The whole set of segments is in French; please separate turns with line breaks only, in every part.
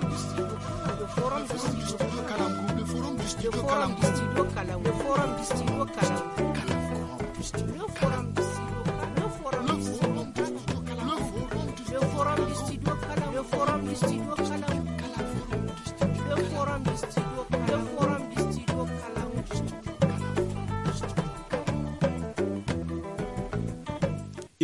forum the forum, the forum the forum, the forum district kalam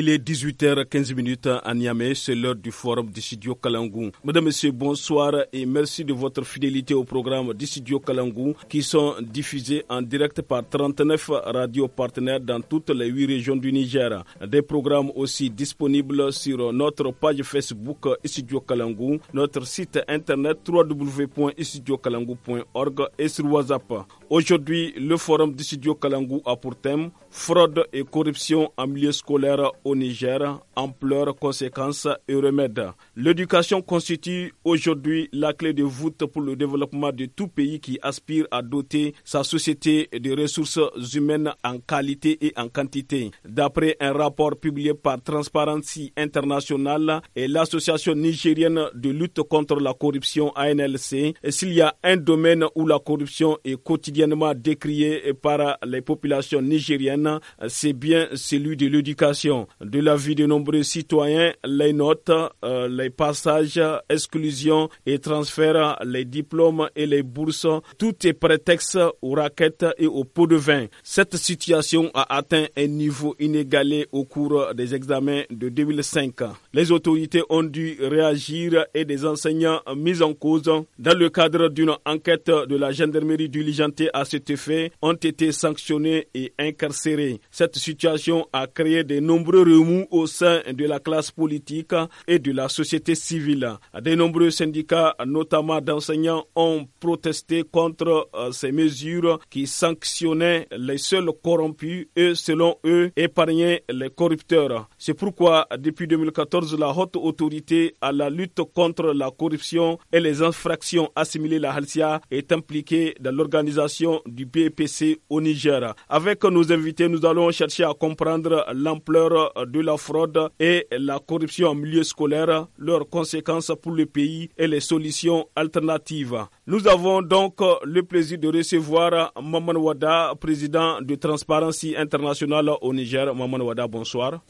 Il est 18h15 à Niamey, c'est l'heure du forum d'Issidio Kalangou. Mesdames, et Messieurs, bonsoir et merci de votre fidélité au programme d'Issidio Kalangou qui sont diffusés en direct par 39 radios partenaires dans toutes les 8 régions du Niger. Des programmes aussi disponibles sur notre page Facebook Issidio Kalangou, notre site internet www.issidiokalangou.org et sur WhatsApp. Aujourd'hui, le forum d'Issidio Kalangou a pour thème Fraude et corruption en milieu scolaire au Niger, ampleur, conséquences et remèdes. L'éducation constitue aujourd'hui la clé de voûte pour le développement de tout pays qui aspire à doter sa société de ressources humaines en qualité et en quantité. D'après un rapport publié par Transparency International et l'Association nigérienne de lutte contre la corruption ANLC, s'il y a un domaine où la corruption est quotidiennement décriée par les populations nigériennes, c'est bien celui de l'éducation. De la vie de nombreux citoyens, les notes, euh, les passages, exclusions et transferts, les diplômes et les bourses, tout est prétexte aux raquettes et aux pots de vin. Cette situation a atteint un niveau inégalé au cours des examens de 2005. Les autorités ont dû réagir et des enseignants mis en cause dans le cadre d'une enquête de la gendarmerie diligentée à cet effet ont été sanctionnés et incarcérés cette situation a créé de nombreux remous au sein de la classe politique et de la société civile. De nombreux syndicats, notamment d'enseignants, ont protesté contre euh, ces mesures qui sanctionnaient les seuls corrompus et, selon eux, épargnaient les corrupteurs. C'est pourquoi, depuis 2014, la haute autorité à la lutte contre la corruption et les infractions assimilées la Halcia est impliquée dans l'organisation du BPC au Niger. Avec nos invités, nous allons chercher à comprendre l'ampleur de la fraude et la corruption en milieu scolaire, leurs conséquences pour le pays et les solutions alternatives. Nous avons donc le plaisir de recevoir Maman Wada, président de Transparency International au Niger. Maman Wada, bonsoir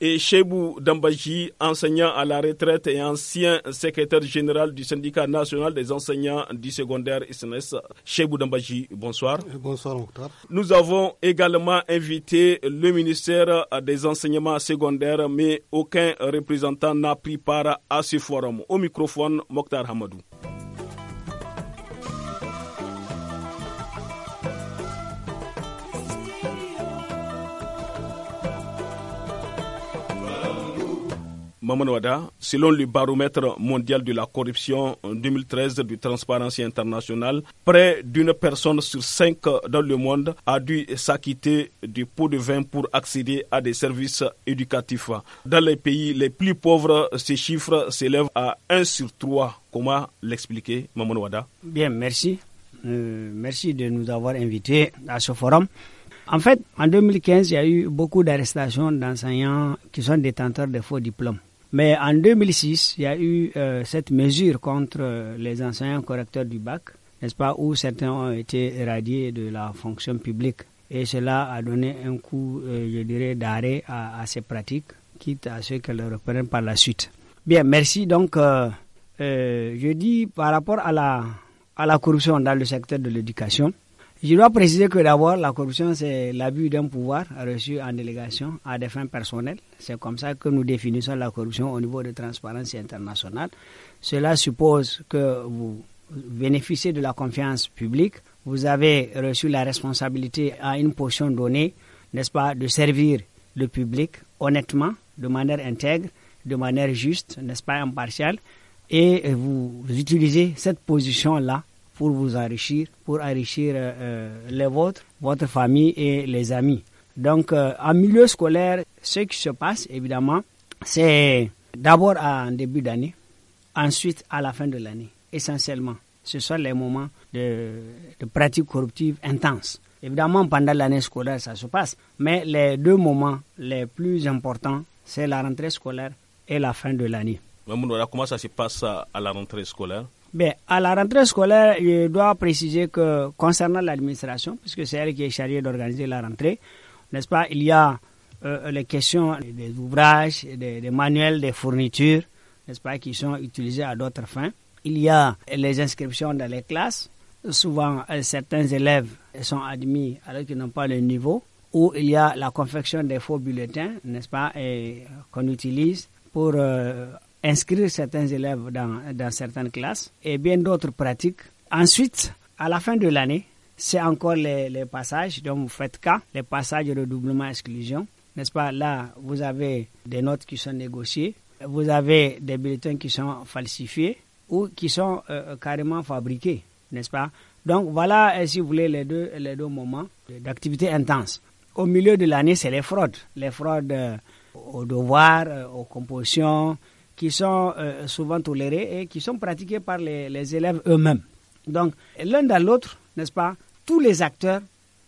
et Chebou Dambaji, enseignant à la retraite et ancien secrétaire général du syndicat national des enseignants du secondaire SNS. Chebou Dambaji, bonsoir.
Euh, bonsoir, Mokhtar.
Nous avons également invité le ministère des enseignements secondaires, mais aucun représentant n'a pris part à ce forum. Au microphone, Mokhtar Hamadou. Maman selon le baromètre mondial de la corruption en 2013 du Transparency International, près d'une personne sur cinq dans le monde a dû s'acquitter du pot de vin pour accéder à des services éducatifs. Dans les pays les plus pauvres, ces chiffres s'élèvent à 1 sur 3. Comment l'expliquer, Mamanouada Bien, merci. Euh, merci de nous
avoir invités à ce forum. En fait, en 2015, il y a eu beaucoup d'arrestations d'enseignants qui sont détenteurs de faux diplômes. Mais en 2006, il y a eu euh, cette mesure contre euh, les enseignants correcteurs du bac, n'est-ce pas, où certains ont été radiés de la fonction publique. Et cela a donné un coup, euh, je dirais, d'arrêt à, ces pratiques, quitte à ce qu'elles reprennent par la suite. Bien, merci. Donc, je dis par rapport à à la corruption dans le secteur de l'éducation, je dois préciser que d'abord, la corruption, c'est l'abus d'un pouvoir reçu en délégation à des fins personnelles. C'est comme ça que nous définissons la corruption au niveau de transparence internationale. Cela suppose que vous bénéficiez de la confiance publique, vous avez reçu la responsabilité à une portion donnée, n'est-ce pas, de servir le public honnêtement, de manière intègre, de manière juste, n'est-ce pas, impartiale, et vous utilisez cette position-là pour vous enrichir, pour enrichir euh, les vôtres, votre famille et les amis. Donc, euh, en milieu scolaire, ce qui se passe, évidemment, c'est d'abord en début d'année, ensuite à la fin de l'année, essentiellement. Ce sont les moments de, de pratiques corruptives intenses. Évidemment, pendant l'année scolaire, ça se passe, mais les deux moments les plus importants, c'est la rentrée scolaire et la fin de l'année.
Comment ça se passe à la rentrée scolaire
ben, à la rentrée scolaire, je dois préciser que concernant l'administration, puisque c'est elle qui est chargée d'organiser la rentrée, n'est-ce pas, il y a euh, les questions des ouvrages, des, manuels, des fournitures, n'est-ce pas, qui sont utilisés à d'autres fins. Il y a les inscriptions dans les classes. Souvent, euh, certains élèves sont admis alors qu'ils n'ont pas le niveau. Ou il y a la confection des faux bulletins, n'est-ce pas, euh, qu'on utilise pour inscrire certains élèves dans, dans certaines classes et bien d'autres pratiques. Ensuite, à la fin de l'année, c'est encore les, les, passages dont vous faites cas, les passages de doublement-exclusion. N'est-ce pas Là, vous avez des notes qui sont négociées, vous avez des bulletins qui sont falsifiés ou qui sont euh, euh, carrément fabriqués, n'est-ce pas Donc voilà, euh, si vous voulez, les deux, les deux moments d'activité intense. Au milieu de l'année, c'est les fraudes. Les fraudes aux devoirs, aux compositions, qui sont euh, souvent tolérés et qui sont pratiqués par les, élèves eux-mêmes. Donc, l'un dans l'autre, n'est-ce pas, tous les acteurs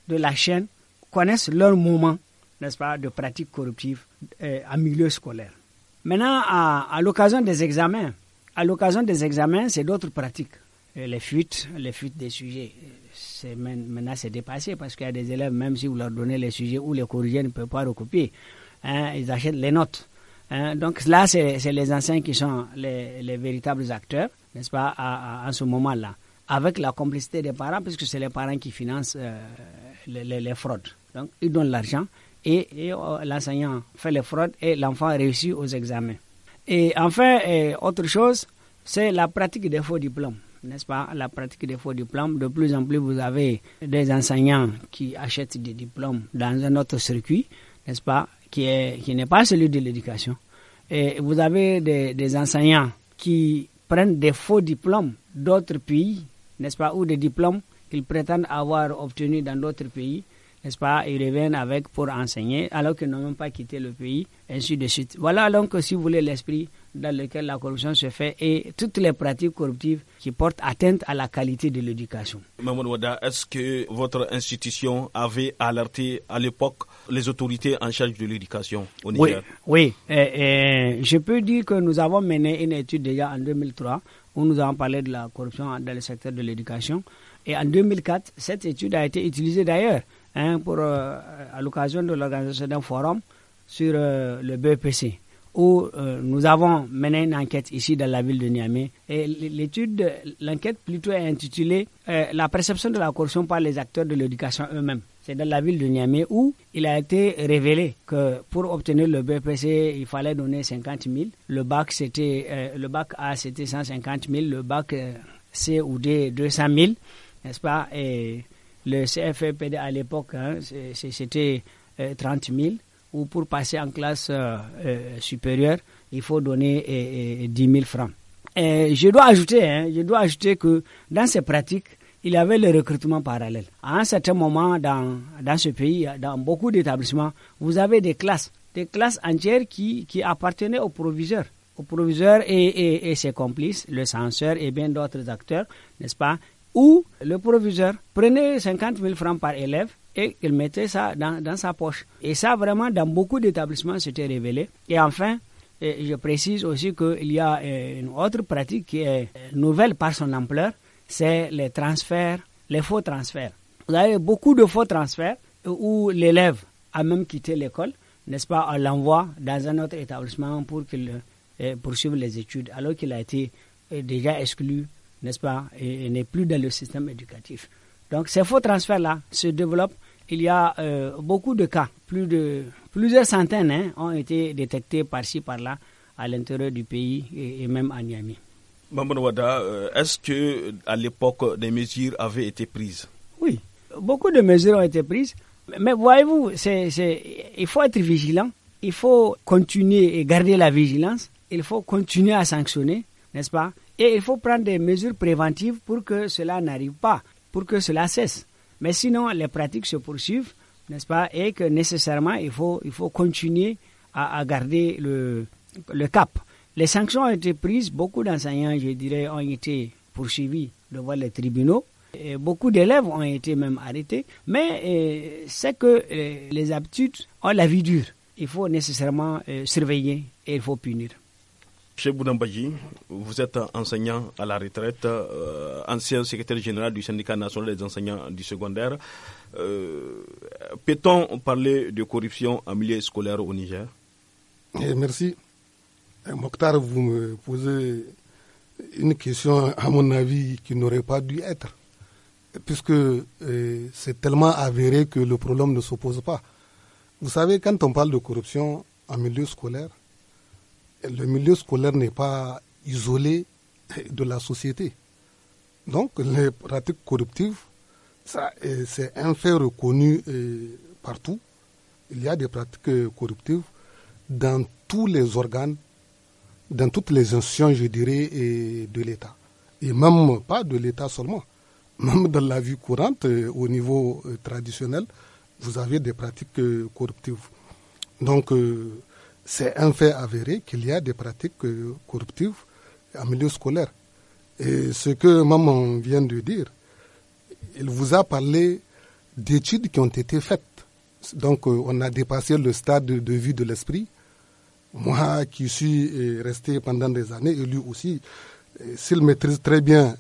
de la chaîne connaissent leur moment, n'est-ce pas, de pratiques corruptive euh, en milieu scolaire. Maintenant, à, l'occasion des examens, à l'occasion des examens, c'est d'autres pratiques. Euh, les fuites, les fuites des sujets, c'est, maintenant c'est dépassé parce qu'il y a des élèves, même si vous leur donnez les sujets ou les corrigez, ne peuvent pas recopier. Hein, ils achètent les notes. Hein, donc là, c'est les enseignants qui sont les, véritables acteurs, n'est-ce pas, en ce moment-là, avec la complicité des parents, puisque c'est les parents qui financent euh, les, fraudes. Donc, ils donnent l'argent et, euh, l'enseignant fait les fraudes et l'enfant réussit aux examens. Et enfin, autre chose, c'est la pratique des faux diplômes n'est-ce pas, la pratique des faux diplômes. De plus en plus, vous avez des enseignants qui achètent des diplômes dans un autre circuit, n'est-ce pas, qui n'est qui pas celui de l'éducation. Et vous avez des, des, enseignants qui prennent des faux diplômes d'autres pays, n'est-ce pas, ou des diplômes qu'ils prétendent avoir obtenus dans d'autres pays, n'est-ce pas, ils reviennent avec pour enseigner alors qu'ils n'ont même pas quitté le pays, ainsi de suite. Voilà donc, si vous voulez, l'esprit dans lequel la corruption se fait et toutes les pratiques corruptives qui portent atteinte à la qualité de l'éducation.
Mamoun Wada, est-ce que votre institution avait alerté à l'époque les autorités en charge de l'éducation au Niger
Oui, oui. je peux dire que nous avons mené une étude déjà en 2003 où nous avons parlé de la corruption dans le secteur de l'éducation. Et en 2004, cette étude a été utilisée d'ailleurs hein, pour, euh, à l'occasion de l'organisation d'un forum sur euh, le BPC. E où euh, nous avons mené une enquête ici dans la ville de Niamey. Et l'étude, l'enquête plutôt est intitulée euh, La perception de la corruption par les acteurs de l'éducation eux-mêmes. C'est dans la ville de Niamey où il a été révélé que pour obtenir le BPC, il fallait donner 50 000. Le bac, c'était, euh, le bac A, c'était 150 000. Le bac C ou D, 200 000. N'est-ce pas Et le CFEPD à l'époque, hein, c'était 30 000 ou pour passer en classe euh, euh, supérieure, il faut donner 10 euh, 000 francs. Et je dois ajouter, hein, je dois ajouter que dans ces pratiques, il y avait le recrutement parallèle. À un certain moment dans, dans ce pays, dans beaucoup d'établissements, vous avez des classes, des classes entières qui, qui appartenaient au proviseur. Au proviseur et, et ses complices, le censeur et bien d'autres acteurs, n'est-ce pas Où le proviseur prenait 50 000 francs par élève et qu'il mettait ça dans, dans, sa poche. Et ça, vraiment, dans beaucoup d'établissements, c'était révélé. Et enfin, je précise aussi qu'il y a euh, une autre pratique qui est euh, nouvelle par son ampleur, c'est les transferts, les faux transferts. Vous avez beaucoup de faux transferts où l'élève a même quitté l'école, n'est-ce pas, on l'envoie dans un autre établissement pour qu'il euh, poursuive les études, alors qu'il a été déjà exclu, n'est-ce pas, et, n'est plus dans le système éducatif. Donc ces faux transferts-là se développent il y a euh, beaucoup de cas, plus de, plusieurs centaines hein, ont été détectés par-ci, par-là, à l'intérieur du pays et, même à Niamey.
Euh, est-ce que à l'époque des mesures avaient été prises Oui,
beaucoup de mesures ont été prises, mais voyez-vous, il faut être vigilant, il faut continuer et garder la vigilance, il faut continuer à sanctionner, n'est-ce pas Et il faut prendre des mesures préventives pour que cela n'arrive pas, pour que cela cesse. Mais sinon, les pratiques se poursuivent, n'est-ce pas Et que nécessairement, il faut, il faut continuer à, à garder le, le cap. Les sanctions ont été prises, beaucoup d'enseignants, je dirais, ont été poursuivis devant les tribunaux. Et beaucoup d'élèves ont été même arrêtés, mais euh, c'est que euh, les aptitudes ont la vie dure. Il faut nécessairement euh,
surveiller et il faut punir. M. Boudambaji, vous êtes enseignant à la retraite, euh, ancien secrétaire général du syndicat national des enseignants du secondaire. Euh, peut-on parler de corruption en milieu scolaire au Niger
eh, Merci. Eh, Mokhtar, vous me posez une question, à mon avis, qui n'aurait pas dû être, puisque eh, c'est tellement avéré que le problème ne s'oppose pas. Vous savez, quand on parle de corruption en milieu scolaire, le milieu scolaire n'est pas isolé de la société. Donc les pratiques corruptives, ça, euh, c'est un fait reconnu euh, partout. Il y a des pratiques euh, corruptives dans tous les organes, dans toutes les institutions, je dirais, de l'État. Et même pas de l'État seulement. Même dans la vie courante, au niveau traditionnel, vous avez des pratiques corruptives. Donc, c'est un fait avéré qu'il y a des pratiques corruptives en milieu scolaire. Et ce que maman vient de dire, il vous a parlé d'études qui ont été faites. Donc euh, on a dépassé le stade de vie de l'esprit. Moi qui suis euh, resté pendant des années, et lui aussi, euh, s'il maîtrise très bien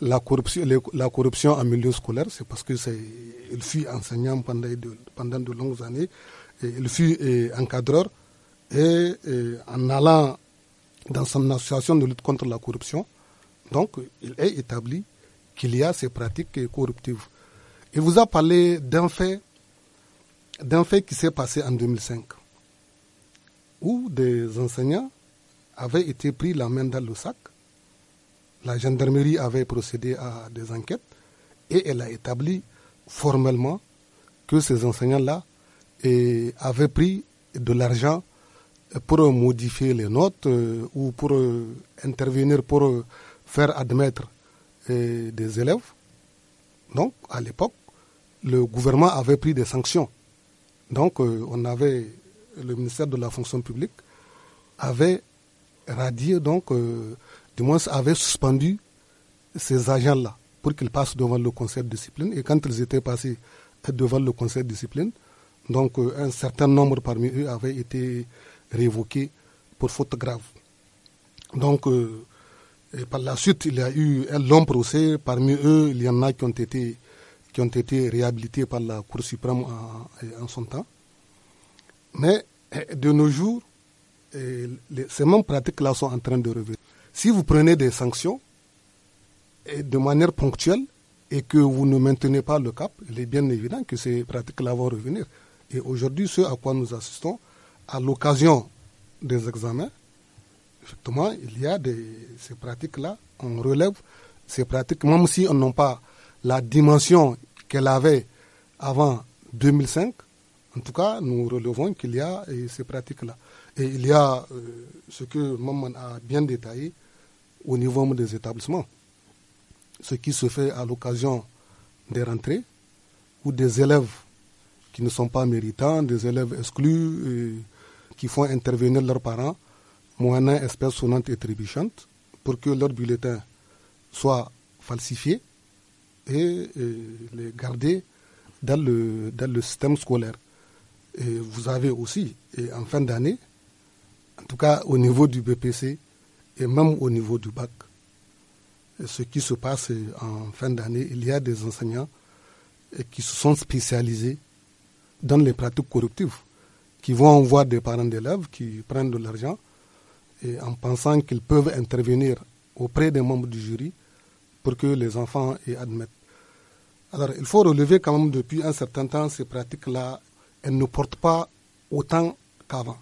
la corruption, en milieu scolaire, c'est parce que il fut enseignant pendant de, pendant de longues années, et il fut encadreur et, en allant dans son association de lutte contre la corruption, donc il est établi qu'il y a ces pratiques corruptives. Il vous a parlé d'un fait, d'un fait qui s'est passé en 2005, où des enseignants avaient été pris la main dans le sac. La gendarmerie avait procédé à des enquêtes et elle a établi formellement que ces enseignants-là eh, avaient pris de l'argent pour modifier les notes euh, ou pour euh, intervenir pour euh, faire admettre des élèves. Donc, à l'époque, le gouvernement avait pris des sanctions. Donc, on avait le ministère de la fonction publique avait radié donc, du moins avait suspendu ces agents-là pour qu'ils passent devant le conseil de discipline. Et quand ils étaient passés devant le conseil de discipline, donc un certain nombre parmi eux avaient été révoqué pour faute grave. Donc, euh, par la suite, il y a eu un long procès. Parmi eux, il y en a qui ont été, qui ont été réhabilités par la Cour suprême en, son temps. Mais eh, de nos jours, eh, ces mêmes pratiques-là sont en train de revenir. Si vous prenez des sanctions et eh, de manière ponctuelle et que vous ne maintenez pas le cap, il est bien évident que ces pratiques-là vont revenir. Et aujourd'hui, ce à quoi nous assistons, à l'occasion des examens, effectivement, il y a ces pratiques-là, on relève ces pratiques, même si on n'a pas la dimension qu'elle avait avant 2005, en tout cas, nous relevons qu'il y a ces pratiques-là. Et il y a euh, ce que Maman a bien détaillé au niveau des établissements, ce qui se fait à l'occasion des rentrées, ou des élèves qui ne sont pas méritants, des élèves exclus, qui font intervenir leurs parents, moyennant espèces sonnantes et trébuchantes, pour que leur bulletin soit falsifié et, les garder dans le, dans le système scolaire. Et vous avez aussi, en fin d'année, en tout cas au niveau du BPC et même au niveau du bac, ce qui se passe en fin d'année, il y a des enseignants qui se sont spécialisés dans les pratiques corruptives qui vont voir des parents d'élèves qui prennent de l'argent et en pensant qu'ils peuvent intervenir auprès des membres du jury pour que les enfants y admettent. Alors il faut relever quand même depuis un certain temps ces pratiques-là, elles ne portent pas autant qu'avant.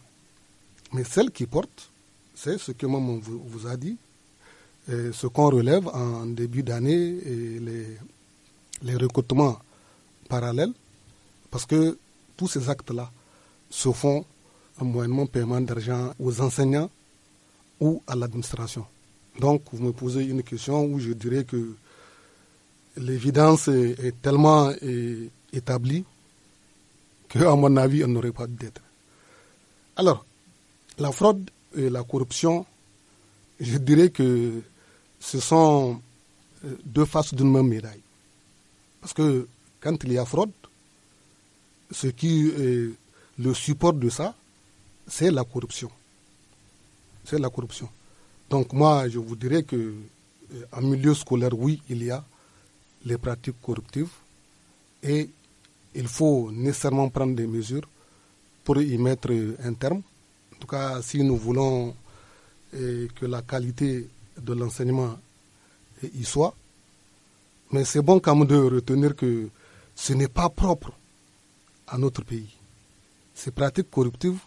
Mais celles qui portent, c'est ce que maman vous, a dit, ce qu'on relève en début d'année et les recrutements parallèles, parce que tous ces actes-là, se font un moyennement paiement d'argent aux enseignants ou à l'administration. Donc, vous me posez une question où je dirais que l'évidence est, tellement établie qu'à mon avis, elle n'aurait pas d'être. Alors, la fraude et la corruption, je dirais que ce sont euh, deux faces d'une même médaille. Parce que quand il y a fraude, ce qui le support de ça, c'est la corruption. C'est la corruption. Donc moi, je vous dirais que euh, en milieu scolaire, oui, il y a les pratiques corruptives et il faut nécessairement prendre des mesures pour y mettre un terme. En tout cas, si nous voulons euh, que la qualité de l'enseignement y soit. Mais c'est bon quand même de retenir que ce n'est pas propre à notre pays ces pratiques corruptives,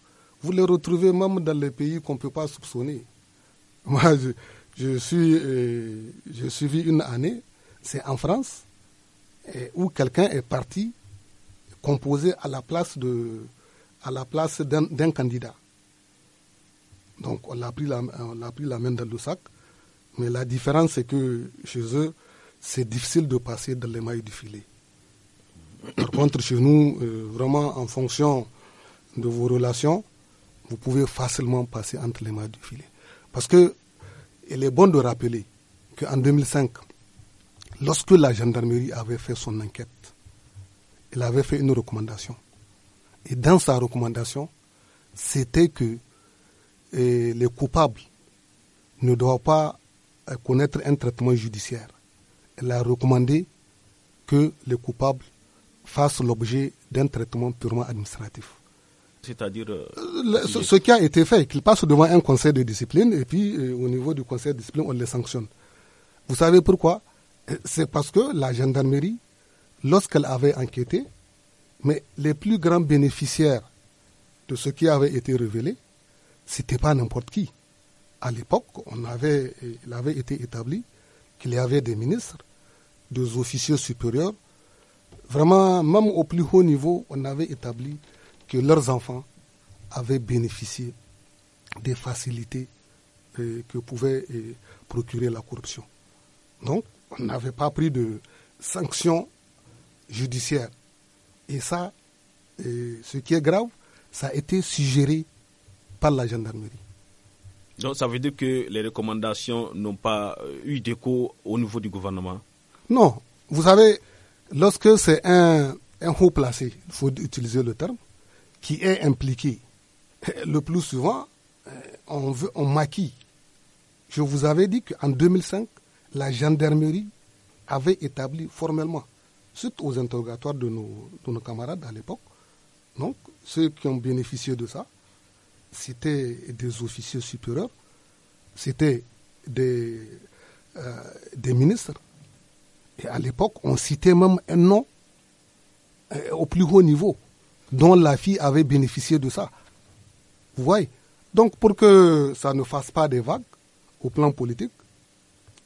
vous les retrouvez même dans les pays qu'on ne peut pas soupçonner. Moi, je, je suis, euh, j'ai suivi une année, c'est en France, où quelqu'un est parti composé à la place de, à la place d'un candidat. Donc on l'a pris la, on pris la main dans le sac, mais la différence c'est que chez eux, c'est difficile de passer dans les mailles du filet. Par contre, chez nous, euh, vraiment en fonction de vos relations, vous pouvez facilement passer entre les mains du filet. Parce que il est bon de rappeler qu'en 2005, lorsque la gendarmerie avait fait son enquête, elle avait fait une recommandation. Et dans sa recommandation, c'était que euh, les coupables ne doivent pas euh, connaître un traitement judiciaire. Elle a recommandé que les coupables fassent l'objet d'un traitement purement administratif.
C'est-à-dire euh, ce,
qui a été fait, qu'il passe devant un conseil de discipline et puis euh, au niveau du conseil de discipline, on les sanctionne. Vous savez pourquoi euh, C'est parce que la gendarmerie, lorsqu'elle avait enquêté, mais les plus grands bénéficiaires de ce qui avait été révélé, c'était pas n'importe qui. À l'époque, on avait, il avait été établi qu'il y avait des ministres, des officiers supérieurs. Vraiment, même au plus haut niveau, on avait établi que leurs enfants avaient bénéficié des facilités euh, que pouvait euh, procurer la corruption. Donc, on n'avait pas pris de sanctions judiciaires. Et ça, euh, ce qui est grave, ça a été suggéré par la gendarmerie.
Donc, ça veut dire que les recommandations n'ont pas eu d'écho au niveau du gouvernement
Non. Vous savez, lorsque c'est un haut placé, il faut utiliser le terme, qui est impliqué, le plus souvent, euh, on, veut, on maquille. Je vous avais dit qu'en 2005, la gendarmerie avait établi formellement, suite aux interrogatoires de nos, camarades à l'époque, donc ceux qui ont bénéficié de ça, c'était des officiers supérieurs, c'était des, euh, des ministres. Et à l'époque, on citait même un nom euh, au plus haut niveau dont la fille avait bénéficié de ça. Vous voyez Donc pour que ça ne fasse pas des vagues au plan politique,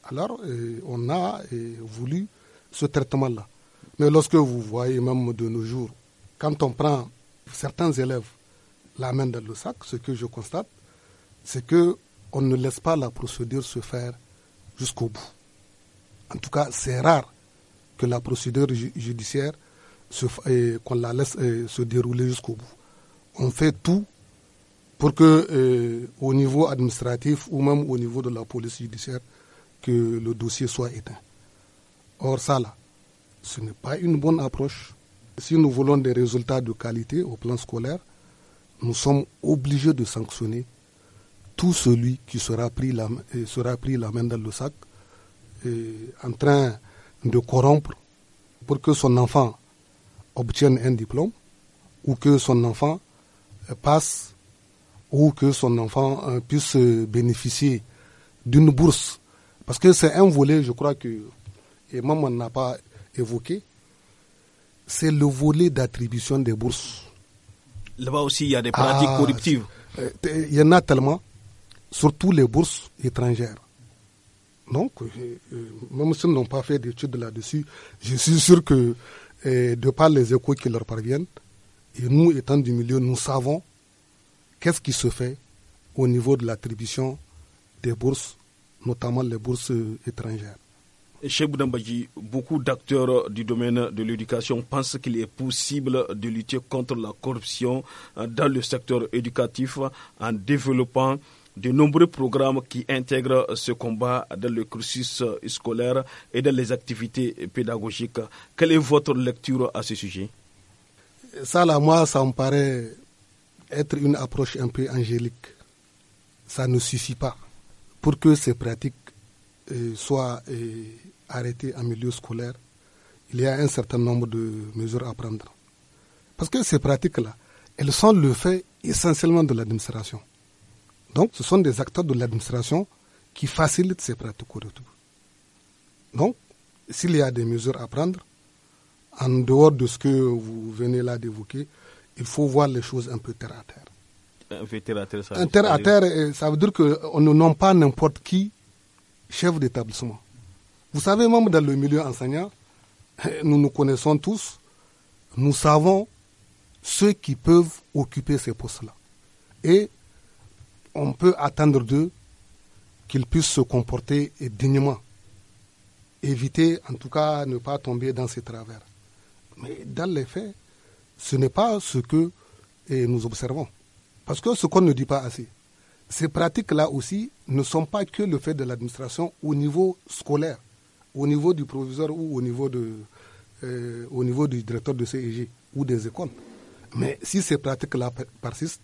alors eh, on a eh, voulu ce traitement-là. Mais lorsque vous voyez même de nos jours, quand on prend certains élèves la main dans le sac, ce que je constate, c'est que on ne laisse pas la procédure se faire jusqu'au bout. En tout cas, c'est rare que la procédure judiciaire qu'on la laisse se dérouler jusqu'au bout. On fait tout pour que, euh, au niveau administratif ou même au niveau de la police judiciaire, que le dossier soit éteint. Or, ça, là, ce n'est pas une bonne approche. Si nous voulons des résultats de qualité au plan scolaire, nous sommes obligés de sanctionner tout celui qui sera pris la, sera pris la main dans le sac, en train de corrompre pour que son enfant obtienne un diplôme ou que son enfant euh, passe ou que son enfant euh, puisse bénéficier d'une bourse. Parce que c'est un volet, je crois que, et maman n'a pas évoqué, c'est le volet d'attribution des bourses.
Là-bas aussi, il y a des pratiques ah, corruptives.
Euh, il y en a tellement, surtout les bourses étrangères. Donc, même si nous n'ont pas fait d'études là-dessus, je suis sûr que et de par les échos qui leur parviennent, et nous étant du milieu, nous savons qu'est-ce qui se fait au niveau de l'attribution des bourses, notamment les bourses étrangères.
Chez Boudambaji, beaucoup d'acteurs du domaine de l'éducation pensent qu'il est possible de lutter contre la corruption dans le secteur éducatif en développant de nombreux programmes qui intègrent ce combat dans le cursus scolaire et dans les activités pédagogiques. Quelle est votre lecture à ce sujet
Ça, là, moi, ça me paraît être une approche un peu angélique. Ça ne suffit pas pour que ces pratiques euh, soient euh, arrêtées en milieu scolaire. Il y a un certain nombre de mesures à prendre. Parce que ces pratiques-là, elles sont le fait essentiellement de l'administration. Donc, ce sont des acteurs de l'administration qui facilitent ces pratiques retour. Donc, s'il y a des mesures à prendre, en dehors de ce que vous venez là d'évoquer, il faut voir les choses un peu terre à terre. Un peu terre à terre, ça, veut dire qu'on ne nomme pas n'importe qui chef d'établissement. Vous savez, même dans le milieu enseignant, nous nous connaissons tous, nous savons ceux qui peuvent occuper ces postes-là. Et on peut attendre d'eux qu'ils puissent se comporter dignement. Éviter, en tout cas, ne pas tomber dans ces travers. Mais dans les faits, ce n'est pas ce que eh, nous observons. Parce que ce qu'on ne dit pas assez, ces pratiques-là aussi ne sont pas que le fait de l'administration au niveau scolaire, au niveau du proviseur ou au niveau, de, eh, au niveau du directeur de CEG ou des écoles. Mais si ces pratiques-là persistent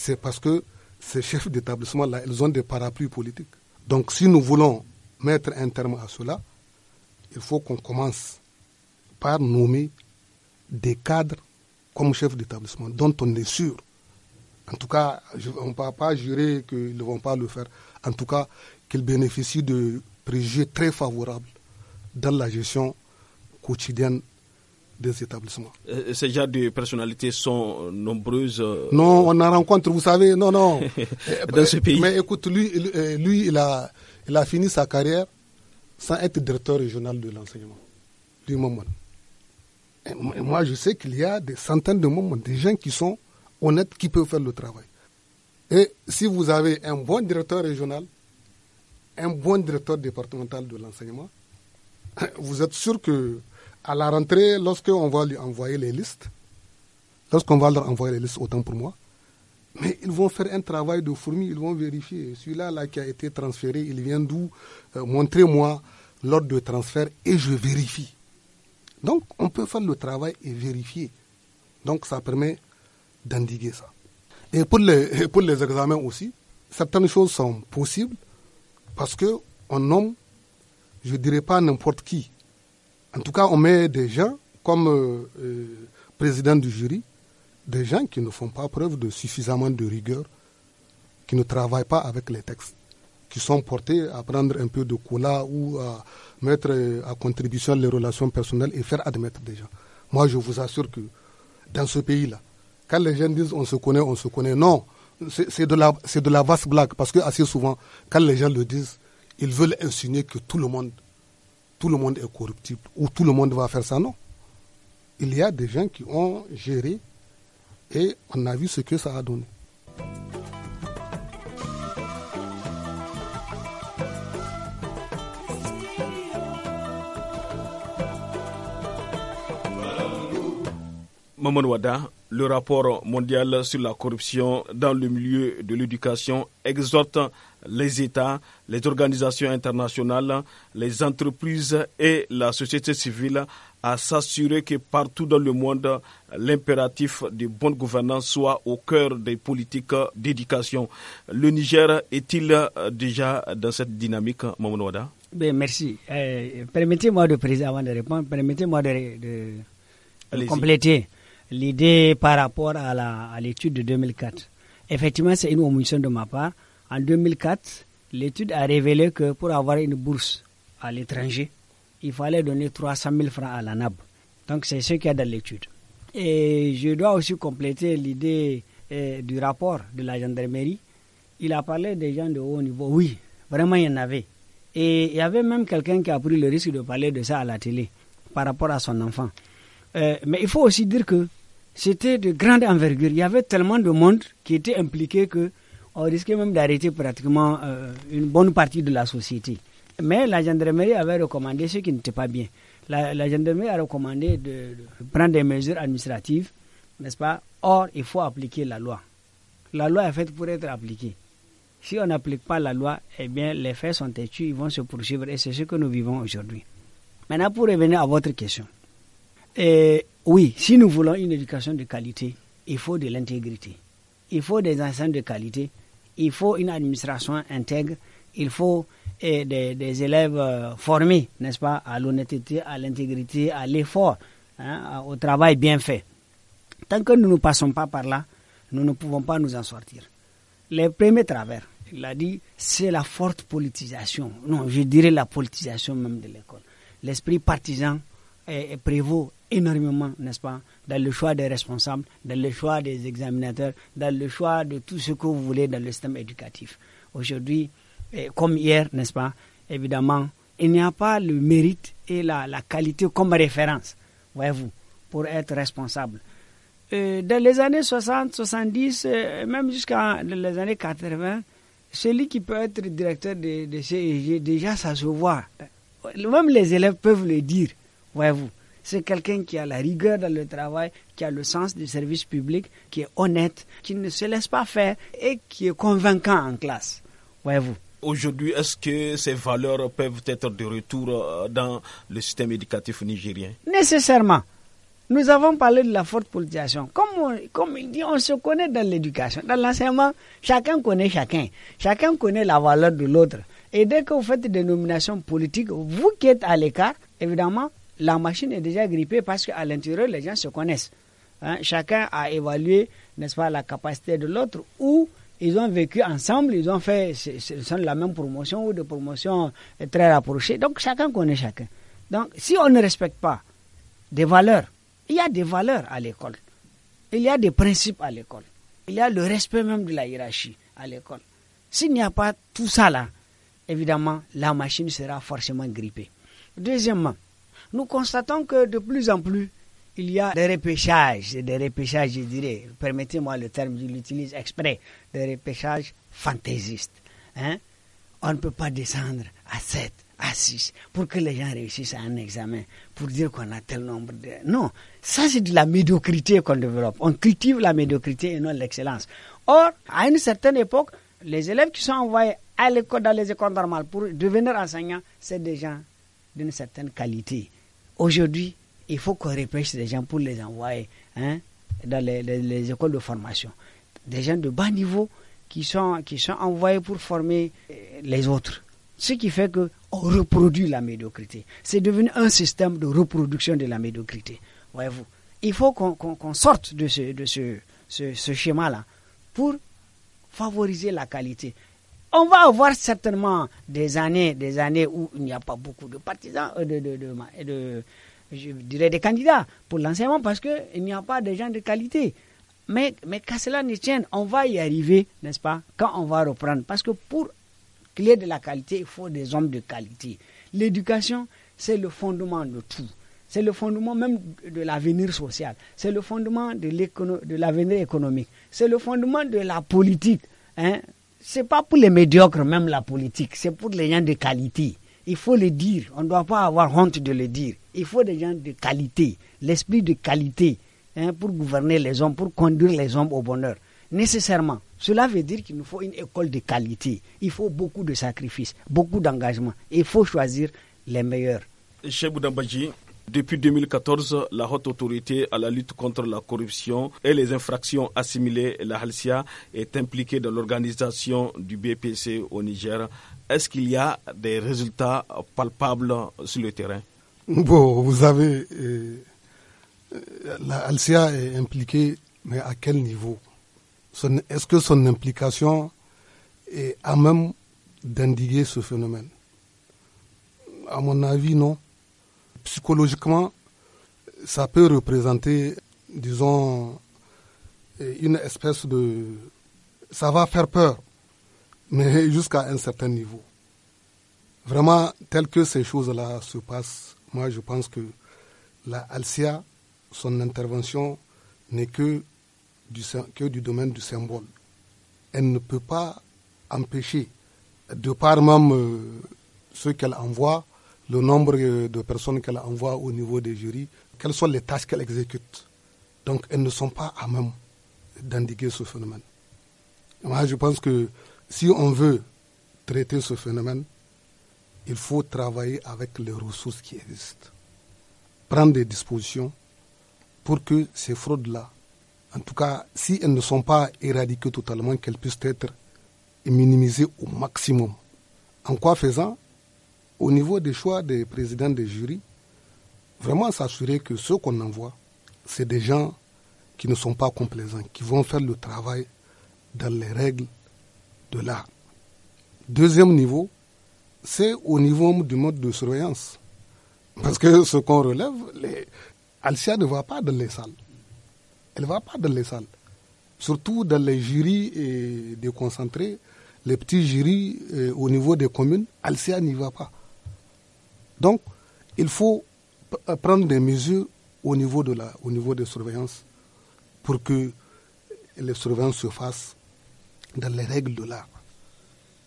c'est parce que ces chefs d'établissement-là, ils ont des parapluies politiques. Donc si nous voulons mettre un terme à cela, il faut qu'on commence par nommer des cadres comme chefs d'établissement dont on est sûr. En tout cas, on ne peut pas jurer qu'ils ne vont pas le faire. En tout cas, qu'ils bénéficient de préjugés très favorables dans la gestion quotidienne des établissements.
Euh, euh, ces gens de personnalités sont euh, nombreuses. Non, on en
rencontre, vous savez, non, non.
Mais
écoute, lui, lui il, a, il a fini sa carrière sans être directeur régional de l'enseignement, du moment. moi, je sais qu'il y a des centaines de moments, des gens qui sont honnêtes, qui peuvent faire le travail. Et si vous avez un bon directeur régional, un bon directeur départemental de l'enseignement, vous êtes sûr que à la rentrée, lorsqu'on va lui envoyer les listes, lorsqu'on va leur envoyer les listes, autant pour moi, mais ils vont faire un travail de fourmi, ils vont vérifier. Celui-là qui a été transféré, il vient d'où euh, Montrez-moi l'ordre de transfert et je vérifie. Donc, on peut faire le travail et vérifier. Donc, ça permet d'endiguer ça. Et pour les, pour les examens aussi, certaines choses sont possibles parce que on nomme, je ne dirais pas n'importe qui, en tout cas, on met des gens comme euh, euh, président du jury, des gens qui ne font pas preuve de suffisamment de rigueur, qui ne travaillent pas avec les textes, qui sont portés à prendre un peu de cola ou à mettre euh, à contribution les relations personnelles et faire admettre des gens. Moi, je vous assure que dans ce pays-là, quand les gens disent on se connaît, on se connaît, non, c'est de, la, de la vaste blague, parce que assez souvent, quand les gens le disent, ils veulent insinuer que tout le monde tout le monde est corruptible ou tout le monde va faire ça. Non. Il y a des gens qui ont géré et on a vu ce que ça a donné.
Maman Wada, le rapport mondial sur la corruption dans le milieu de l'éducation exhorte les États, les organisations internationales, les entreprises et la société civile à s'assurer que partout dans le monde, l'impératif de bonne gouvernance soit au cœur des politiques d'éducation. Le Niger est-il déjà dans cette dynamique, Mamoun ben, Wada
Merci. Eh, permettez-moi de avant de répondre, permettez-moi de compléter l'idée par rapport à l'étude de 2004. Effectivement, c'est une omission de ma part en 2004, l'étude a révélé que pour avoir une bourse à l'étranger, il fallait donner 300 000 francs à la NAB. Donc c'est ce qu'il y a dans l'étude. Et je dois aussi compléter l'idée euh, du rapport de la gendarmerie. Il a parlé des gens de haut niveau. Oui, vraiment il y en avait. Et il y avait même quelqu'un qui a pris le risque de parler de ça à la télé par rapport à son enfant. Euh, mais il faut aussi dire que c'était de grande envergure. Il y avait tellement de monde qui était impliqué que on risquait même d'arrêter pratiquement une bonne partie de la société. Mais la gendarmerie avait recommandé ce qui n'était pas bien. La, gendarmerie a recommandé de, prendre des mesures administratives, n'est-ce pas Or, il faut appliquer la loi. La loi est faite pour être appliquée. Si on n'applique pas la loi, eh bien, les faits sont têtus, ils vont se poursuivre et c'est ce que nous vivons aujourd'hui. Maintenant, pour revenir à votre question. Eh, oui, si nous voulons une éducation de qualité, il faut de l'intégrité. Il faut des enseignants de qualité il faut une administration intègre, il faut eh, des, élèves euh, formés, n'est-ce pas, à l'honnêteté, à l'intégrité, à l'effort, hein, au travail bien fait. Tant que nous ne passons pas par là, nous ne pouvons pas nous en sortir. Les premiers travers, il a dit, c'est la forte politisation. Non, je dirais la politisation même de l'école. L'esprit partisan prévaut énormément, n'est-ce pas, dans le choix des responsables, dans le choix des examinateurs, dans le choix de tout ce que vous voulez dans le système éducatif. Aujourd'hui, eh, comme hier, n'est-ce pas, évidemment, il n'y a pas le mérite et la, qualité comme référence, voyez-vous, pour être responsable. Euh, dans les années 60, 70, euh, même jusqu'à les années 80, celui qui peut être directeur de, de déjà ça se voit. Euh, même les élèves peuvent le dire. Voyez-vous, c'est quelqu'un qui a la rigueur dans le travail, qui a le sens du service public, qui est honnête, qui ne se laisse pas faire et qui est convaincant en classe.
Voyez-vous. Aujourd'hui, est-ce que ces valeurs peuvent être de retour euh, dans le système éducatif nigérien
Nécessairement. Nous avons parlé de la forte politisation. Comme, comme il dit, on se connaît dans l'éducation, dans l'enseignement. Chacun connaît chacun. Chacun connaît la valeur de l'autre. Et dès que vous faites des nominations politiques, vous qui êtes à l'écart, évidemment, la machine est déjà grippée parce qu'à l'intérieur, les gens se connaissent. Hein, chacun a évalué, n'est-ce pas, la capacité de l'autre ou ils ont vécu ensemble, ils ont fait la même promotion ou des promotions très rapprochées. Donc chacun connaît chacun. Donc si on ne respecte pas des valeurs, il y a des valeurs à l'école, il y a des principes à l'école, il y a le respect même de la hiérarchie à l'école. S'il n'y a pas tout ça là, évidemment, la machine sera forcément grippée. Deuxièmement, nous constatons que de plus en plus, il y a des repêchages, des repêchages, je dirais, permettez-moi le terme, je l'utilise exprès, des repêchages fantaisistes. Hein? On ne peut pas descendre à 7, à 6, pour que les gens réussissent à un examen, pour dire qu'on a tel nombre de... Non, ça c'est de la médiocrité qu'on développe. On cultive la médiocrité et non l'excellence. Or, à une certaine époque, les élèves qui sont envoyés à l'école, dans les écoles normales, pour devenir enseignants, c'est des gens d'une certaine qualité Aujourd'hui, il faut qu'on repêche des gens pour les envoyer hein, dans les, écoles de formation. Des gens de bas niveau qui sont, qui sont envoyés pour former euh, les autres. Ce qui fait qu'on reproduit la médiocrité. C'est devenu un système de reproduction de la médiocrité. Voyez-vous. Il faut qu'on sorte de ce, de ce schéma-là pour favoriser la qualité on va avoir certainement des années, des années où il n'y a pas beaucoup de partisans, euh, je dirais des candidats pour l'enseignement parce qu'il n'y a pas de gens de qualité. Mais, mais qu'à cela ne tienne, on va y arriver, n'est-ce pas, quand on va reprendre. Parce que pour qu'il y ait de la qualité, il faut des hommes de qualité. L'éducation, c'est le fondement de tout. C'est le fondement même de l'avenir social. C'est le fondement de l'avenir économique. C'est le fondement de la politique. Hein, c'est pas pour les médiocres même la politique, c'est pour les gens de qualité. Il faut le dire, on ne doit pas avoir honte de le dire. Il faut des gens de qualité, l'esprit de qualité hein, pour gouverner les hommes, pour conduire les hommes au bonheur. Nécessairement, cela veut dire qu'il nous faut une école de qualité. Il faut beaucoup de sacrifices, beaucoup d'engagement. Il faut choisir les meilleurs.
Chez depuis 2014, la haute autorité à la lutte contre la corruption et les infractions assimilées, la Halcia, est impliquée dans l'organisation du BPC au Niger. Est-ce qu'il y a des résultats palpables sur le terrain
Bon, vous avez. Euh, la Halcia est impliquée, mais à quel niveau Est-ce que son implication est à même d'endiguer ce phénomène À mon avis, non psychologiquement, ça peut représenter, disons, euh, une espèce de... Ça va faire peur, mais jusqu'à un certain niveau. Vraiment, tel que ces choses-là se passent, moi je pense que la Alcia, son intervention n'est que du, que du domaine du symbole. Elle ne peut pas empêcher, de par même ceux ce qu'elle envoie, le nombre de personnes qu'elle envoie au niveau des jurys, quelles sont les tâches qu'elle exécute. Donc elles ne sont pas à même d'indiquer ce phénomène. Moi, je pense que si on veut traiter ce phénomène, il faut travailler avec les ressources qui existent, prendre des dispositions pour que ces fraudes-là, en tout cas, si elles ne sont pas éradiquées totalement, qu'elles puissent être minimisées au maximum. En quoi faisant au niveau des choix des présidents des jurys, vraiment s'assurer que ceux qu'on envoie, c'est des gens qui ne sont pas complaisants, qui vont faire le travail dans les règles de l'art. Deuxième niveau, c'est au niveau du mode de surveillance. Parce que ce qu'on relève, Alcia ne va pas dans les salles. Elle ne va pas dans les salles. Surtout dans les jurys et eh, déconcentrés, les petits jurys eh, au niveau des communes, Alcia n'y va pas. Donc, il faut euh, prendre des mesures au niveau de la, au niveau des surveillances pour que les surveillances se fassent dans les règles de l'art.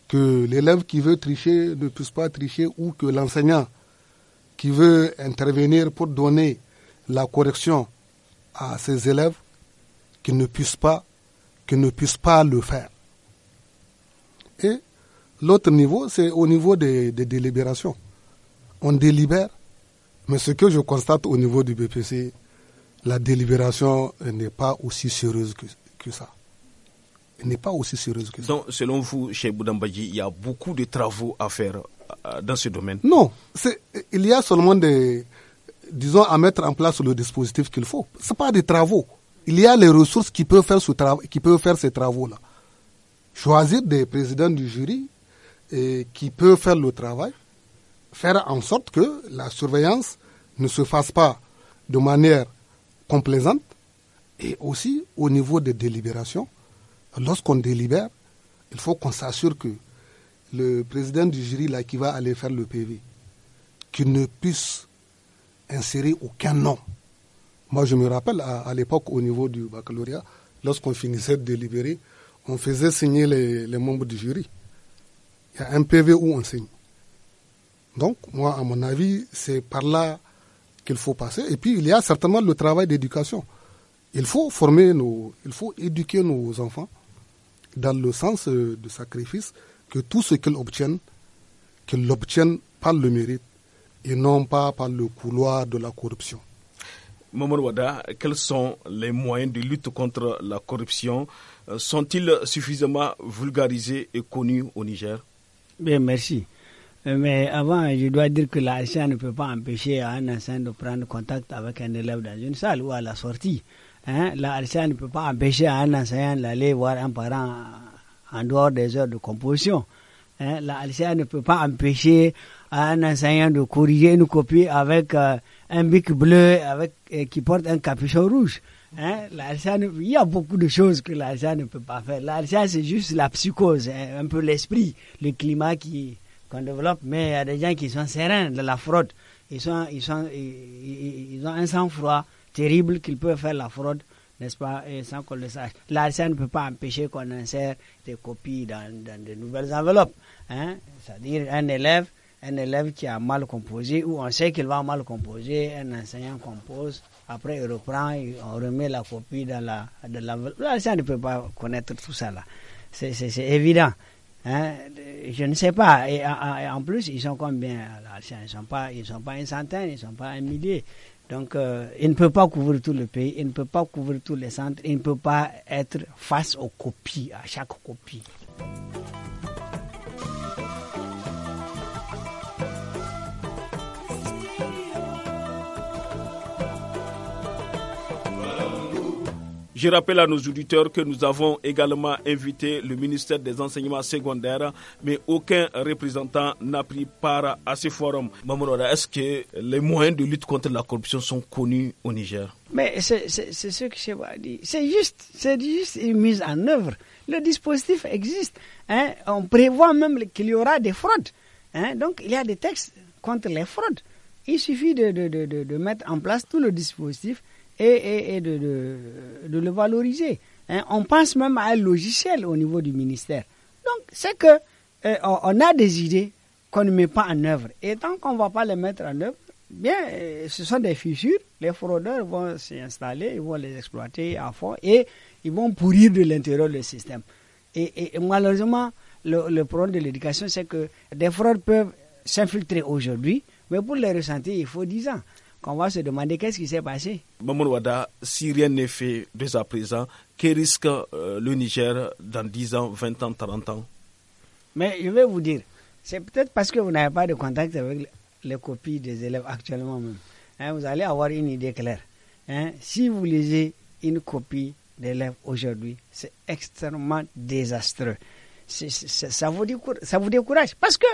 Que l'élève qui veut tricher ne puisse pas tricher ou que l'enseignant qui veut intervenir pour donner la correction à ses élèves qu'il ne puisse pas, ne pas le faire. Et l'autre niveau, c'est au niveau des délibérations on délibère. Mais ce que je constate au niveau du BPC, la délibération n'est pas aussi sérieuse que, ça. Elle n'est pas aussi sérieuse
que ça. Donc, selon vous, chez Boudambadji, il y a beaucoup de travaux à faire euh, dans ce domaine
Non. Il y a seulement des. disons, à mettre en place le dispositif qu'il faut. Ce n'est pas des travaux. Il y a les ressources qui peuvent faire, ce qui peuvent faire ces travaux-là. Choisir des présidents du jury qui peuvent faire le travail faire en sorte que la surveillance ne se fasse pas de manière complaisante et aussi au niveau des délibérations. Lorsqu'on délibère, il faut qu'on s'assure que le président du jury là, qui va aller faire le PV, qu'il ne puisse insérer aucun nom. Moi, je me rappelle à, l'époque au niveau du baccalauréat, lorsqu'on finissait de délibérer, on faisait signer les membres du jury. Il y a un PV où on signe. Donc, moi, à mon avis, c'est par là qu'il faut passer. Et puis, il y a certainement le travail d'éducation. Il faut former nos, il faut éduquer nos enfants dans le sens euh, de sacrifice, que tout ce qu'ils obtiennent, qu'ils l'obtiennent par le mérite et non pas par le couloir de la corruption.
Maman Wada, quels sont les moyens de lutte contre la corruption euh, Sont-ils suffisamment vulgarisés et connus au Niger
Bien, merci. Mais avant, je dois dire que la ne peut pas empêcher un enseignant de prendre contact avec un élève dans une salle ou à la sortie. Hein? La ne peut pas empêcher un enseignant d'aller voir un parent en dehors des heures de composition. Hein? ne peut pas empêcher un enseignant de corriger une copie avec euh, un bic bleu avec, euh, qui porte un capuchon rouge. Hein. il y a beaucoup de choses que la ne peut pas faire. La c'est juste la psychose, hein, un peu l'esprit, le climat qui, qu'on développe, mais il y a des gens qui sont sereins de la fraude. Ils, sont, ils, sont, ils, ont un sang-froid terrible qu'ils peuvent faire la fraude, n'est-ce pas, sans qu'on le sache. ne peut pas empêcher qu'on insère des copies dans, dans de nouvelles enveloppes. Hein? C'est-à-dire un élève, un élève qui a mal composé, ou on sait qu'il va mal composer, un enseignant compose, après il reprend, on remet la copie dans la... ne peut pas connaître tout ça là. C'est évident. Hein? je ne sais pas. Et, en plus, ils sont combien Ils ne sont, pas, ils sont pas une centaine, ils ne sont pas un millier. Donc, euh, ils il ne peut pas couvrir tout le pays, il ne peut pas couvrir tous les centres, il ne peut pas être face aux copies, à chaque copie.
Je rappelle à nos auditeurs que nous avons également invité le ministère des Enseignements secondaires, mais aucun représentant n'a pris part à ce forum. Mamoura, est-ce que les moyens de lutte contre la corruption sont connus au Niger Mais
c'est ce que je dit. C'est juste, c'est juste une mise en œuvre. Le dispositif existe. Hein. On prévoit même qu'il y aura des fraudes. Hein. Donc il y a des textes contre les fraudes. Il suffit de mettre en place tout le dispositif et, de, de, le valoriser. Hein. on pense même à un logiciel au niveau du ministère. Donc, c'est que euh, on a des idées qu'on ne met pas en œuvre. Et tant qu'on ne va pas les mettre en œuvre, bien, euh, ce sont des fissures. Les fraudeurs vont s'y installer, ils vont les exploiter à fond et ils vont pourrir de l'intérieur le système. Et, malheureusement, le, le, problème de l'éducation, c'est que des fraudes peuvent s'infiltrer aujourd'hui, mais pour les ressentir, il faut 10 ans qu'on va se demander qu'est-ce qui s'est passé.
Mamoun Wada, si rien n'est fait dès à présent, que risque euh, le Niger dans 10 ans, 20 ans, 30 ans
Mais je vais vous dire, c'est peut-être parce que vous n'avez pas de contact avec les copies des élèves actuellement même. Hein, vous allez avoir une idée claire. Hein, si vous lisez une copie d'élèves aujourd'hui, c'est extrêmement désastreux. ça, vous ça vous décourage parce que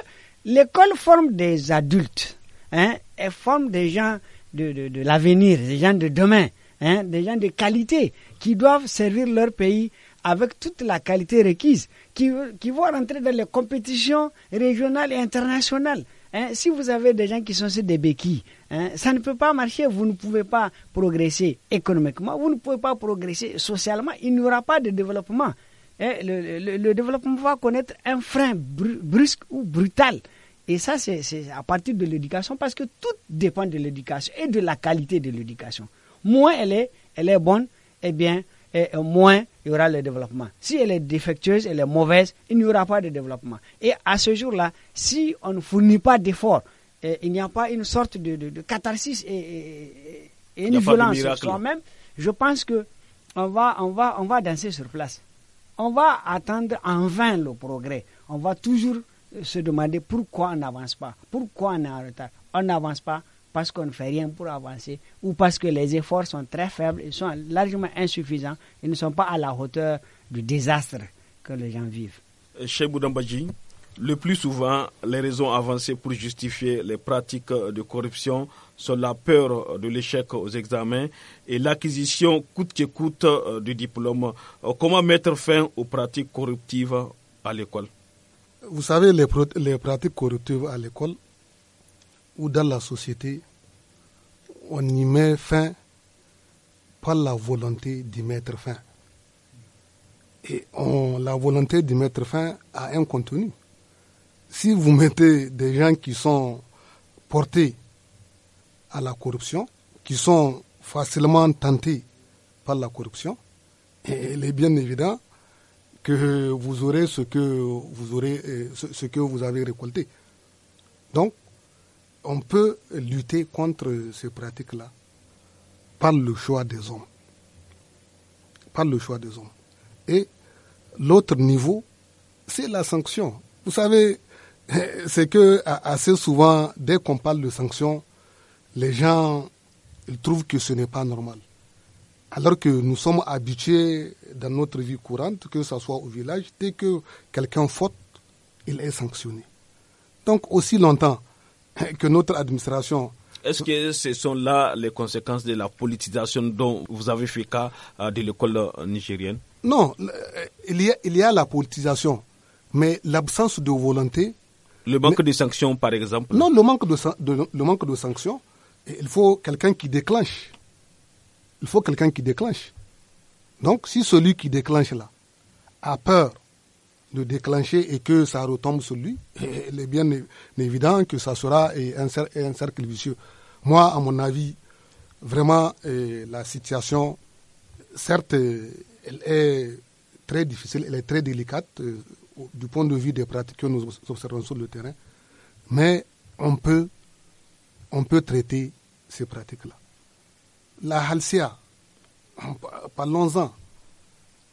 l'école forme des adultes, hein, elle forme des gens de, l'avenir, des gens de demain, hein, des gens de qualité qui doivent servir leur pays avec toute la qualité requise, qui, vont rentrer dans les compétitions régionales et internationales. Hein. si vous avez des gens qui sont sur des béquilles, hein, ça ne peut pas marcher, vous ne pouvez pas progresser économiquement, vous ne pouvez pas progresser socialement, il n'y aura pas de développement. le, développement va connaître un frein brusque ou brutal. Et ça, c'est à partir de l'éducation, parce que tout dépend de l'éducation et de la qualité de l'éducation. Moins elle est, elle est bonne, eh bien, eh, eh, moins il y aura le développement. Si elle est défectueuse, elle est mauvaise, il n'y aura pas de développement. Et à ce jour-là, si on ne fournit pas d'efforts, eh, il n'y a pas une sorte de, de, catharsis et, et, une violence soi-même, je pense que on va, on, va, on va danser sur place. On va attendre en vain le progrès. On va toujours se demander pourquoi on n'avance pas, pourquoi on est en retard. On n'avance pas parce qu'on ne fait rien pour avancer ou parce que les efforts sont très faibles, ils sont largement insuffisants, ils ne sont pas à la hauteur du désastre que les gens
vivent. Euh, Chez Boudambadji, le plus souvent, les raisons avancées pour justifier les pratiques de corruption sont la peur de l'échec aux examens et l'acquisition coûte que coûte euh, du diplôme. Euh, comment mettre fin aux pratiques corruptives à l'école
vous savez, les, pratiques corruptives à l'école ou dans la société, on y met fin par la volonté d'y mettre fin. Et la volonté d'y mettre fin a un contenu. Si vous mettez des gens qui sont portés à la corruption, qui sont facilement tentés par la corruption, il est bien évident que vous aurez ce que vous aurez euh, ce, que vous avez récolté. Donc, on peut lutter contre ces pratiques-là par le choix des hommes. Par le choix des hommes. Et l'autre niveau, c'est la sanction. Vous savez, c'est que assez souvent, dès qu'on parle de sanction, les gens ils trouvent que ce n'est pas normal. Alors que nous sommes habitués dans notre vie courante, que ce soit au village, dès que quelqu'un faute, il est sanctionné. Donc aussi longtemps que notre administration
est-ce que ce sont là les conséquences de la politisation dont vous avez fait cas euh, de l'école euh, nigérienne Non, euh,
il y, a, il y a la politisation, mais l'absence de volonté.
Le manque de sanctions, par exemple
Non, le manque le manque de sanctions, il faut quelqu'un qui déclenche il faut quelqu'un qui déclenche. Donc, si celui qui déclenche là a peur de déclencher et que ça retombe sur lui, eh, il est bien évident que ça sera un, cercle vicieux. Moi, à mon avis, vraiment, eh, la situation, certes, elle est très difficile, elle est très délicate eh, du point de vue des pratiques que nous observons sur le terrain, mais on peut, on peut traiter ces pratiques-là la halcia, parlons-en.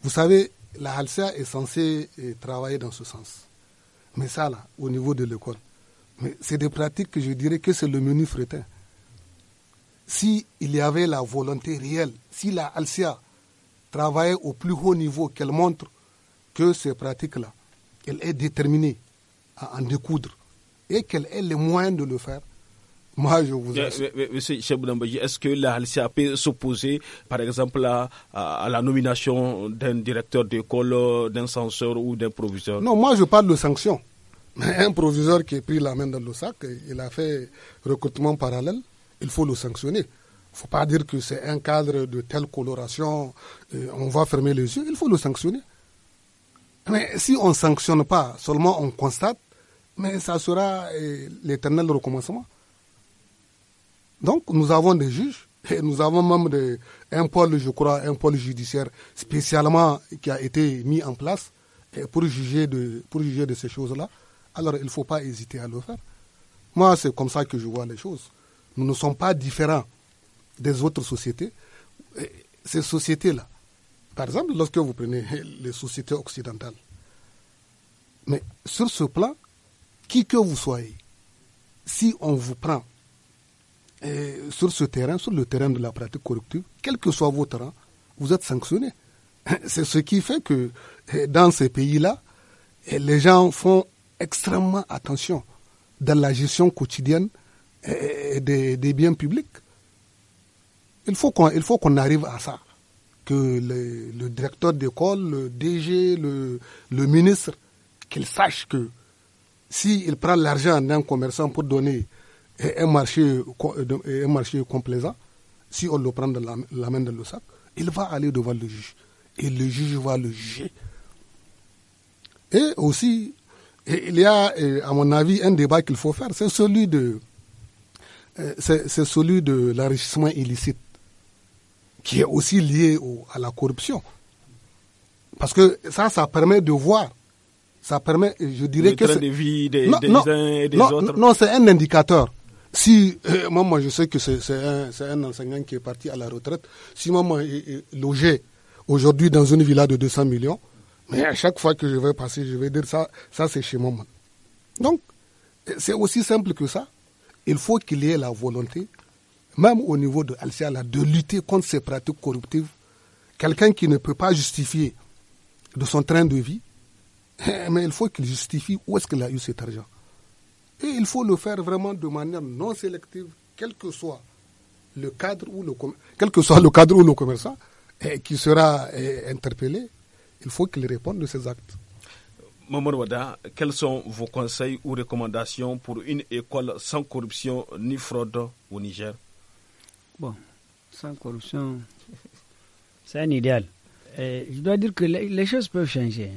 Vous savez, la halcia est censée euh, travailler dans ce sens. Mais ça, là, au niveau de l'école, mais c'est des pratiques que je dirais que c'est le menu fretin. S'il y avait la volonté réelle, si la halcia travaillait au plus haut niveau, qu'elle montre que ces pratiques-là, elle est déterminée à en découdre et qu'elle ait les moyens de le faire, moi, je vous
Monsieur est-ce que la LCAP s'opposer par exemple, à, la nomination d'un directeur d'école, d'un censeur ou d'un proviseur
Non, moi, je parle de sanctions. Mais un proviseur qui a pris la main dans le sac, il a fait recrutement parallèle, il faut le sanctionner. Il ne faut pas dire que c'est un cadre de telle coloration, euh, on va fermer les yeux, il faut le sanctionner. Mais si on ne sanctionne pas, seulement on constate, mais ça sera euh, l'éternel recommencement. Donc, nous avons des juges et nous avons même un pôle, je crois, un pôle judiciaire spécialement qui a été mis en place pour juger de, pour juger de ces choses-là. Alors, il ne faut pas hésiter à le faire. Moi, c'est comme ça que je vois les choses. Nous ne sommes pas différents des autres sociétés. ces sociétés-là, par exemple, lorsque vous prenez les sociétés occidentales, mais sur ce plan, qui que vous soyez, si on vous prend sur ce terrain, sur le terrain de la pratique corrective, quel que soit votre rang, vous êtes sanctionné. C'est ce qui fait que eh, dans ces pays-là, eh, les gens font extrêmement attention dans la gestion quotidienne eh, des, biens publics. Il faut qu'on arrive à ça, que le, directeur d'école, le DG, le, ministre, qu'il sache que s'il prend l'argent d'un commerçant pour donner et un marché, marché complaisant, si on le prend de la, main dans le sac, il va aller devant le juge. Et le juge va le juger. Et aussi, il y a, à mon avis, un débat qu'il faut faire, c'est celui de euh, c'est celui de l'enrichissement illicite, qui est aussi lié à la corruption. Parce que ça, ça permet de voir. Ça permet, je dirais que... des, uns et des Non, c'est un indicateur si euh, maman, je sais que c'est un, enseignant qui est parti à la retraite, si maman est, logée aujourd'hui dans une villa de 200 millions, mais à chaque fois que je vais passer, je vais dire ça, ça c'est chez maman. Donc, c'est aussi simple que ça. Il faut qu'il y ait la volonté, même au niveau de Al-Siala, de lutter contre ces pratiques corruptives. Quelqu'un qui ne peut pas justifier de son train de vie, mais il faut qu'il justifie où est-ce qu'il a eu cet argent. Et il faut le faire vraiment de manière non sélective, quel que soit le cadre ou le, quel que soit le, cadre ou le commerçant qui sera interpellé, il faut qu'il réponde de ses actes.
Maman Wada, quels sont vos conseils ou recommandations pour une école sans corruption ni fraude au Niger
Bon, sans corruption, c'est un idéal. je dois dire que les choses peuvent changer.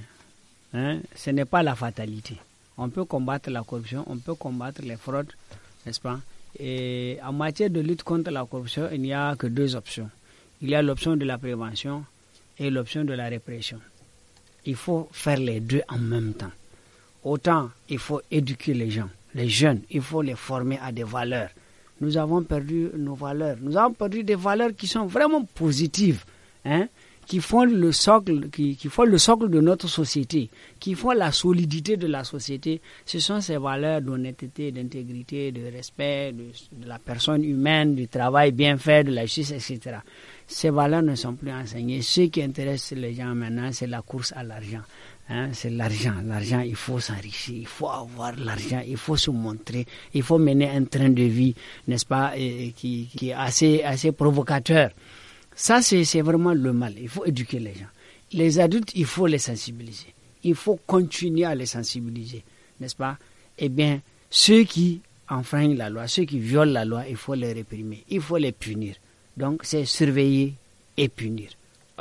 Hein. Ce n'est pas la fatalité. On peut combattre la corruption, on peut combattre les fraudes, n'est-ce pas Et en matière de lutte contre la corruption, il n'y a que deux options. Il y a l'option de la prévention et l'option de la répression. Il faut faire les deux en même temps. Autant il faut éduquer les gens, les jeunes, il faut les former à des valeurs. Nous avons perdu nos valeurs. Nous avons perdu des valeurs qui sont vraiment positives. Hein? qui font le socle, qui, qui font le socle de notre société, qui font la solidité de la société, ce sont ces valeurs d'honnêteté, d'intégrité, de respect de, la personne humaine, du travail bien fait, de la justice, etc. Ces valeurs ne sont plus enseignées. Ce qui intéresse les gens maintenant, c'est la course à l'argent. Hein, c'est l'argent. L'argent, il faut s'enrichir, il faut avoir l'argent, il faut se montrer, il faut mener un train de vie, n'est-ce pas, qui, qui, est assez, assez provocateur. Ça, c'est vraiment le mal. Il faut éduquer les gens. Les adultes, il faut les sensibiliser. Il faut continuer à les sensibiliser, n'est-ce pas Eh bien, ceux qui enfreignent la loi,
ceux qui violent la loi, il faut les réprimer,
il faut les punir. Donc, c'est surveiller
et punir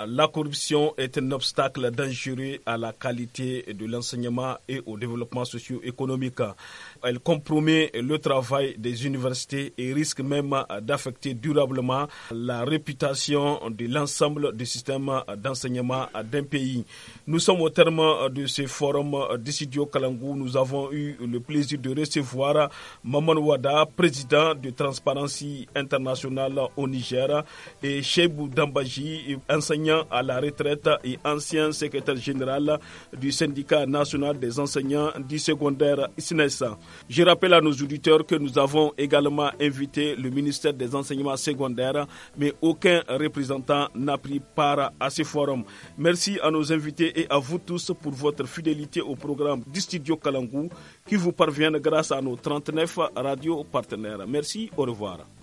la corruption est un obstacle dangereux à la qualité de l'enseignement et au développement socio-économique. Elle compromet le travail des universités et risque même d'affecter durablement la réputation de l'ensemble du système d'enseignement d'un pays. Nous sommes au terme de ce forum d'Issidio Kalangou. Nous avons eu le plaisir de recevoir Maman Wada, président de Transparency International au Niger, et Chebou Dambaji, enseignant à la retraite et ancien secrétaire général du syndicat national des enseignants du secondaire SNES. E Je rappelle à nos auditeurs que nous avons également invité le ministère des enseignements secondaires, mais aucun représentant n'a pris part à ce forum. Merci à nos invités et à vous tous pour votre fidélité au programme du studio Kalangou qui vous parvient grâce à nos 39 radios partenaires. Merci, au revoir.